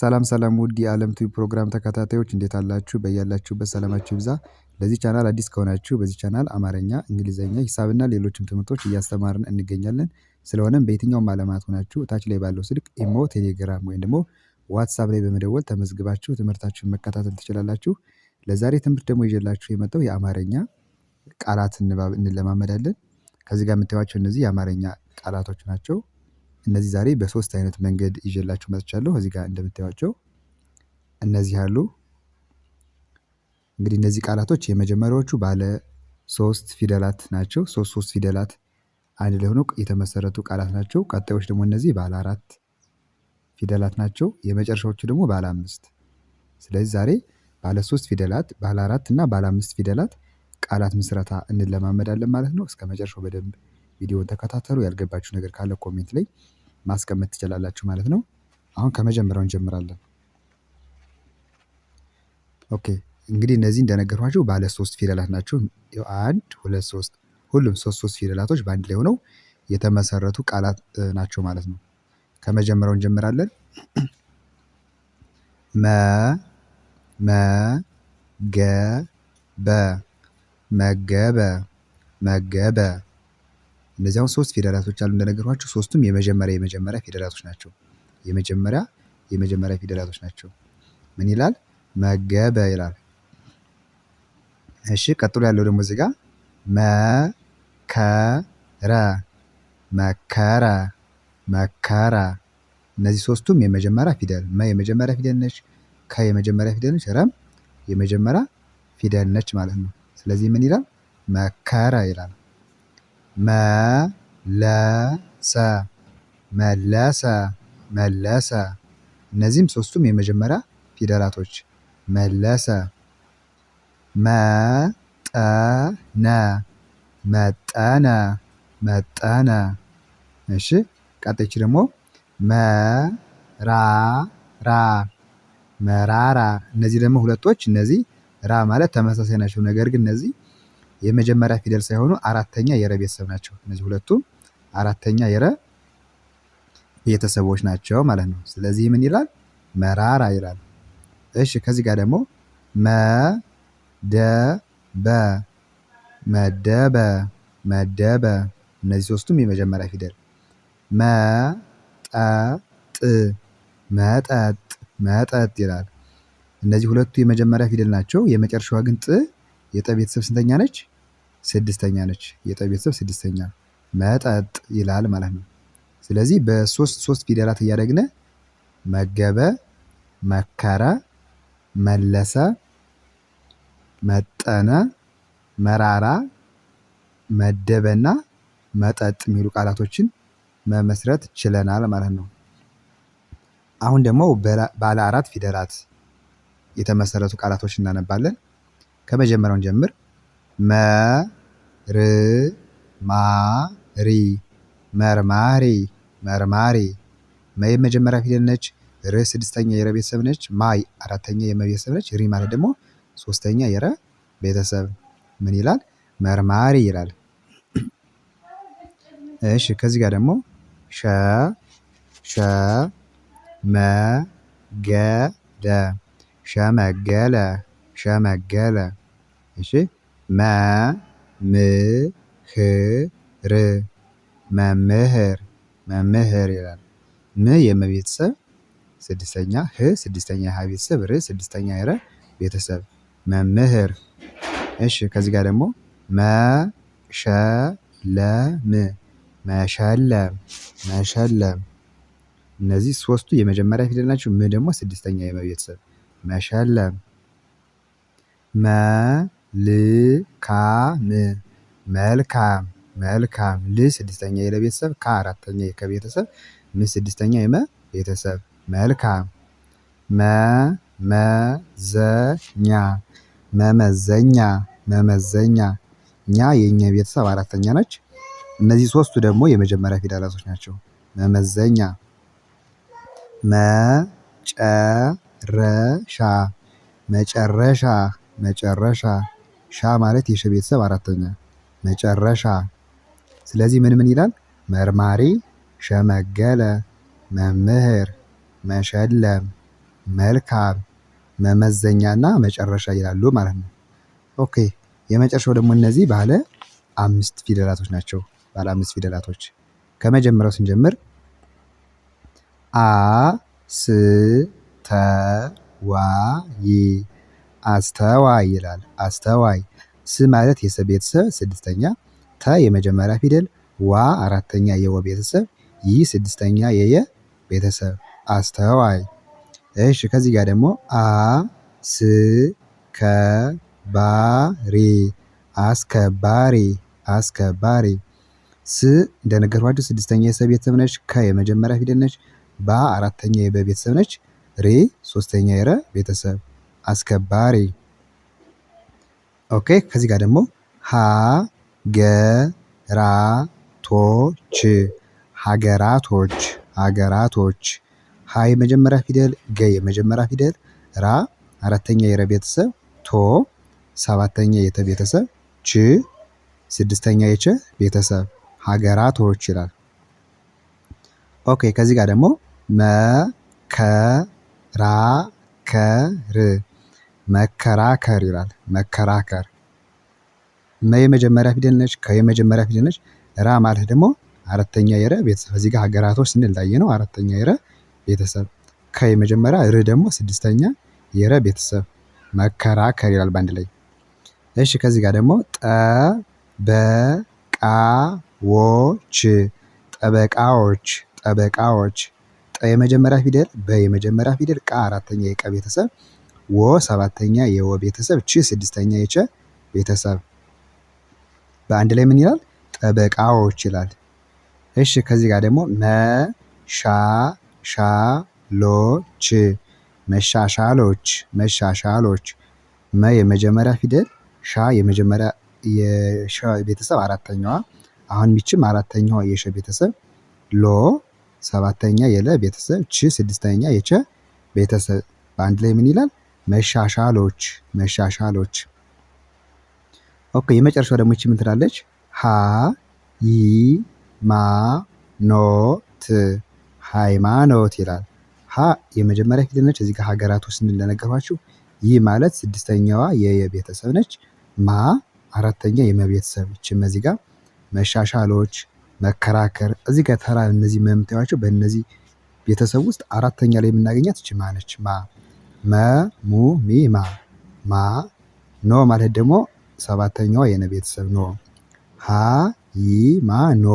ሰላም ሰላም ውድ የዓለም ቲቪ ፕሮግራም ተከታታዮች እንዴት አላችሁ? በያላችሁበት ሰላማችሁ ይብዛ። ለዚህ ቻናል አዲስ ከሆናችሁ በዚህ ቻናል አማርኛ፣ እንግሊዝኛ፣ ሂሳብና ሌሎችም ትምህርቶች እያስተማርን እንገኛለን። ስለሆነም በየትኛውም ዓለማት ሆናችሁ ታች ላይ ባለው ስልክ ኢሞ፣ ቴሌግራም ወይም ደግሞ ዋትሳፕ ላይ በመደወል ተመዝግባችሁ ትምህርታችሁን መከታተል ትችላላችሁ። ለዛሬ ትምህርት ደግሞ ይዤላችሁ የመጣው የአማርኛ ቃላት እንለማመዳለን። ከዚህ ጋር የምታዩቸው እነዚህ የአማርኛ ቃላቶች ናቸው። እነዚህ ዛሬ በሶስት አይነት መንገድ ይዤላችሁ መጥቻለሁ። እዚህ ጋር እንደምታዩቸው እነዚህ አሉ። እንግዲህ እነዚህ ቃላቶች የመጀመሪያዎቹ ባለ ሶስት ፊደላት ናቸው። ሶስት ሶስት ፊደላት አንድ ላይ ሆኖ የተመሰረቱ ቃላት ናቸው። ቀጣዮች ደግሞ እነዚህ ባለ አራት ፊደላት ናቸው። የመጨረሻዎቹ ደግሞ ባለ አምስት። ስለዚህ ዛሬ ባለ ሶስት ፊደላት፣ ባለ አራት እና ባለ አምስት ፊደላት ቃላት ምስረታ እንለማመዳለን ማለት ነው። እስከ መጨረሻው በደንብ ቪዲዮን ተከታተሉ። ያልገባችሁ ነገር ካለ ኮሜንት ላይ ማስቀመጥ ትችላላችሁ ማለት ነው። አሁን ከመጀመሪያው እንጀምራለን። ኦኬ እንግዲህ እነዚህ እንደነገርኳችሁ ባለ ሶስት ፊደላት ናቸው። አንድ ሁለት ሶስት፣ ሁሉም ሶስት ሶስት ፊደላቶች በአንድ ላይ ሆነው የተመሰረቱ ቃላት ናቸው ማለት ነው። ከመጀመሪያው እንጀምራለን። መ መ ገ በ መገበ መገበ እነዚህ አሁን ሶስት ፊደላቶች አሉ እንደነገርኳችሁ ሶስቱም የመጀመሪያ የመጀመሪያ ፊደላቶች ናቸው። የመጀመሪያ የመጀመሪያ ፊደላቶች ናቸው። ምን ይላል? መገበ ይላል። እሺ ቀጥሎ ያለው ደግሞ እዚህ ጋር መከረ መከረ መከረ። እነዚህ ሶስቱም የመጀመሪያ ፊደል መ የመጀመሪያ ፊደል ነች፣ ከ የመጀመሪያ ፊደል ነች፣ ረም የመጀመሪያ ፊደል ነች ማለት ነው። ስለዚህ ምን ይላል? መከረ ይላል። መለሰ መለሰ መለሰ እነዚህም ሶስቱም የመጀመሪያ ፊደላቶች መለሰ መጠነ መጠነ መጠነ እሺ ቀጥቺ ደግሞ መራራ መራራ እነዚህ ደግሞ ሁለቶች እነዚህ ራ ማለት ተመሳሳይ ናቸው። ነገር ግን እነዚህ የመጀመሪያ ፊደል ሳይሆኑ አራተኛ የረ ቤተሰብ ናቸው። እነዚህ ሁለቱም አራተኛ የረ ቤተሰቦች ናቸው ማለት ነው። ስለዚህ ምን ይላል? መራራ ይላል። እሺ ከዚህ ጋር ደግሞ መደበ መደበ መደበ እነዚህ ሶስቱም የመጀመሪያ ፊደል መጠጥ መጠጥ መጠጥ ይላል። እነዚህ ሁለቱ የመጀመሪያ ፊደል ናቸው። የመጨረሻዋ ግን ጥ የጠ ቤተሰብ ስንተኛ ነች? ስድስተኛ ነች። የጠ ቤተሰብ ስድስተኛ መጠጥ ይላል ማለት ነው። ስለዚህ በሶስት ሶስት ፊደላት እያደግነ መገበ፣ መከረ፣ መለሰ፣ መጠነ፣ መራራ፣ መደበና መጠጥ የሚሉ ቃላቶችን መመስረት ችለናል ማለት ነው። አሁን ደግሞ ባለ አራት ፊደላት የተመሰረቱ ቃላቶች እናነባለን። ከመጀመሪያው ማ መርማሪ መርማሪ መርማሪ መ የመጀመሪያ ፊደል ነች። ር ስድስተኛ የረ ቤተሰብ ነች። ማይ አራተኛ የመ ቤተሰብ ነች። ሪ ማለት ደግሞ ሶስተኛ የረ ቤተሰብ ምን ይላል? መርማሪ ይላል። እሺ ከዚህ ጋር ደግሞ ሸ ሸ መ ገ ሸመገለ ሸመገለ እሺ መ ም ህ ር መምህር መምህር ይላል። ም የመ ቤተሰብ ስድስተኛ ህ ስድስተኛ የሀ ቤተሰብ ር ስድስተኛ የረ ቤተሰብ መምህር። እሺ ከዚህ ጋር ደግሞ መሸለም መሸለም መሸለም እነዚህ ሶስቱ የመጀመሪያ ፊደል ናቸው። ም ደግሞ ስድስተኛ የመቤተሰብ ቤተሰብ መሸለም መልካም መልካም መልካም ል ስድስተኛ የለቤተሰብ ካ አራተኛ የከቤተሰብ ም ስድስተኛ የመ ቤተሰብ መልካም መመዘኛ መመዘኛ መመዘኛ እኛ የእኛ ቤተሰብ አራተኛ ነች። እነዚህ ሶስቱ ደግሞ የመጀመሪያ ፊደላቶች ናቸው። መመዘኛ መጨረሻ መጨረሻ መጨረሻ ሻ ማለት የሸ ቤተሰብ አራተኛ መጨረሻ። ስለዚህ ምን ምን ይላል? መርማሪ፣ ሸመገለ፣ መምህር፣ መሸለም፣ መልካም፣ መመዘኛና መጨረሻ ይላሉ ማለት ነው። ኦኬ የመጨረሻው ደግሞ እነዚህ ባለ አምስት ፊደላቶች ናቸው። ባለ አምስት ፊደላቶች ከመጀመሪያው ስንጀምር አ ስ ተ ዋ ይ አስተዋይ ይላል። አስተዋይ ስ ማለት የሰ ቤተሰብ ስድስተኛ፣ ተ የመጀመሪያ ፊደል፣ ዋ አራተኛ የወ ቤተሰብ፣ ይ ስድስተኛ የየ ቤተሰብ አስተዋይ። እሺ ከዚህ ጋር ደግሞ አ ስ ከ ባሪ አስከባሪ አስከባሪ ስ እንደነገርኳችሁ ስድስተኛ የሰ ቤተሰብ ነች። ከ የመጀመሪያ ፊደል ነች። በ አራተኛ የበ ቤተሰብ ነች። ሬ ሶስተኛ የረ ቤተሰብ አስከባሪ። ኦኬ ከዚህ ጋር ደግሞ ሀገራቶች ሀገራቶች ሀገራቶች ሀ የመጀመሪያ ፊደል ገ የመጀመሪያ ፊደል ራ አራተኛ የረ ቤተሰብ ቶ ሰባተኛ የተ ቤተሰብ ች ስድስተኛ የቸ ቤተሰብ ሀገራቶች ይላል። ኦኬ ከዚህ ጋር ደግሞ መከራከር መከራከር ይላል። መከራከር መ የመጀመሪያ ፊደል ነች። ከ የመጀመሪያ ፊደል ነች። ራ ማለት ደግሞ አራተኛ የረ ቤተሰብ እዚህ ጋር ሀገራቶች ስንል ላየ ነው። አራተኛ የረ ቤተሰብ ከ የመጀመሪያ ር ደግሞ ስድስተኛ የረ ቤተሰብ መከራከር ይላል በአንድ ላይ። እሺ ከዚህ ጋር ደግሞ ጠበቃዎች ጠበቃዎች ጠበቃዎች ጠ የመጀመሪያ ፊደል በ የመጀመሪያ ፊደል ቃ አራተኛ የቀ ቤተሰብ ወ ሰባተኛ የወ ቤተሰብ ች ስድስተኛ የቸ ቤተሰብ በአንድ ላይ ምን ይላል? ጠበቃዎች ይላል። እሺ ከዚህ ጋር ደግሞ መሻሻሎች መሻሻሎች መሻሻሎች መ የመጀመሪያ ፊደል ሻ የመጀመሪያ የሸ ቤተሰብ አራተኛዋ አሁን ሚችም አራተኛዋ የሸ ቤተሰብ ሎ ሰባተኛ የለ ቤተሰብ ች ስድስተኛ የቸ ቤተሰብ በአንድ ላይ ምን ይላል? መሻሻሎች መሻሻሎች ኦኬ የመጨረሻው ደግሞ ይቺ ምን ትላለች? ሀ ይ ማ ኖ ት ሃይማኖት ይላል። ሀ የመጀመሪያ ፊደል ነች። እዚህ ጋር ሀገራት ውስጥ እንደነገርኳችሁ ይህ ማለት ስድስተኛዋ የየቤተሰብ ነች። ማ አራተኛ የመቤተሰብ ችም እዚህ ጋር መሻሻሎች መከራከር እዚህ ጋር ተራ እነዚህ መምታዋቸው በእነዚህ ቤተሰብ ውስጥ አራተኛ ላይ የምናገኛት ይች ነች ማ መ ሙ ሚ ማ ማ ኖ ማለት ደግሞ ሰባተኛዋ የነ ቤተሰብ ኖ ሀ ይ ማ ኖ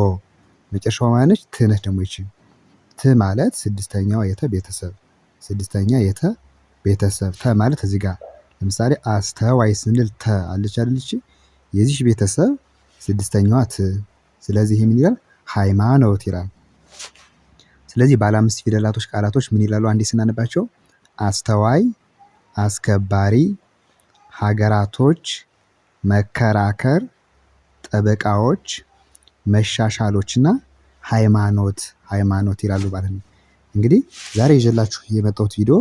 መጨረሻው ማነች? ትነች ደግሞ ይች ት ማለት ስድስተኛዋ የተ ቤተሰብ ስድስተኛ የተ ቤተሰብ ተ ማለት እዚህ ጋር ለምሳሌ አስተዋይ ስንል ተ አለች አለች የዚች ቤተሰብ ስድስተኛዋ ት። ስለዚህ ምን ይላል? ሃይማኖት ይላል። ስለዚህ ባለ አምስት ፊደላቶች ቃላቶች ምን ይላሉ? አንዴ ስናነባቸው አስተዋይ አስከባሪ ሀገራቶች መከራከር ጠበቃዎች መሻሻሎችና ሃይማኖት ሃይማኖት ይላሉ ማለት ነው። እንግዲህ ዛሬ ይዤላችሁ የመጣሁት ቪዲዮ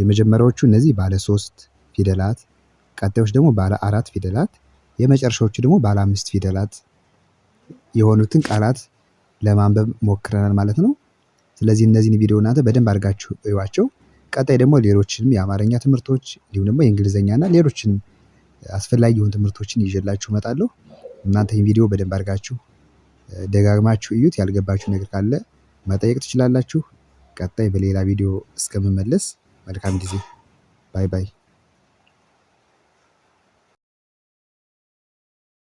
የመጀመሪያዎቹ እነዚህ ባለ ሶስት ፊደላት፣ ቀጣዮች ደግሞ ባለ አራት ፊደላት፣ የመጨረሻዎቹ ደግሞ ባለ አምስት ፊደላት የሆኑትን ቃላት ለማንበብ ሞክረናል ማለት ነው። ስለዚህ እነዚህን ቪዲዮ እናንተ በደንብ አድርጋችሁ እዩዋቸው። ቀጣይ ደግሞ ሌሎችንም የአማርኛ ትምህርቶች እንዲሁም ደግሞ የእንግሊዘኛ እና ሌሎችንም አስፈላጊ የሆኑ ትምህርቶችን ይዤላችሁ እመጣለሁ። እናንተ ይሄን ቪዲዮ በደንብ አድርጋችሁ ደጋግማችሁ እዩት ያልገባችሁ ነገር ካለ መጠየቅ ትችላላችሁ። ቀጣይ በሌላ ቪዲዮ እስከምመለስ መልካም ጊዜ። ባይ ባይ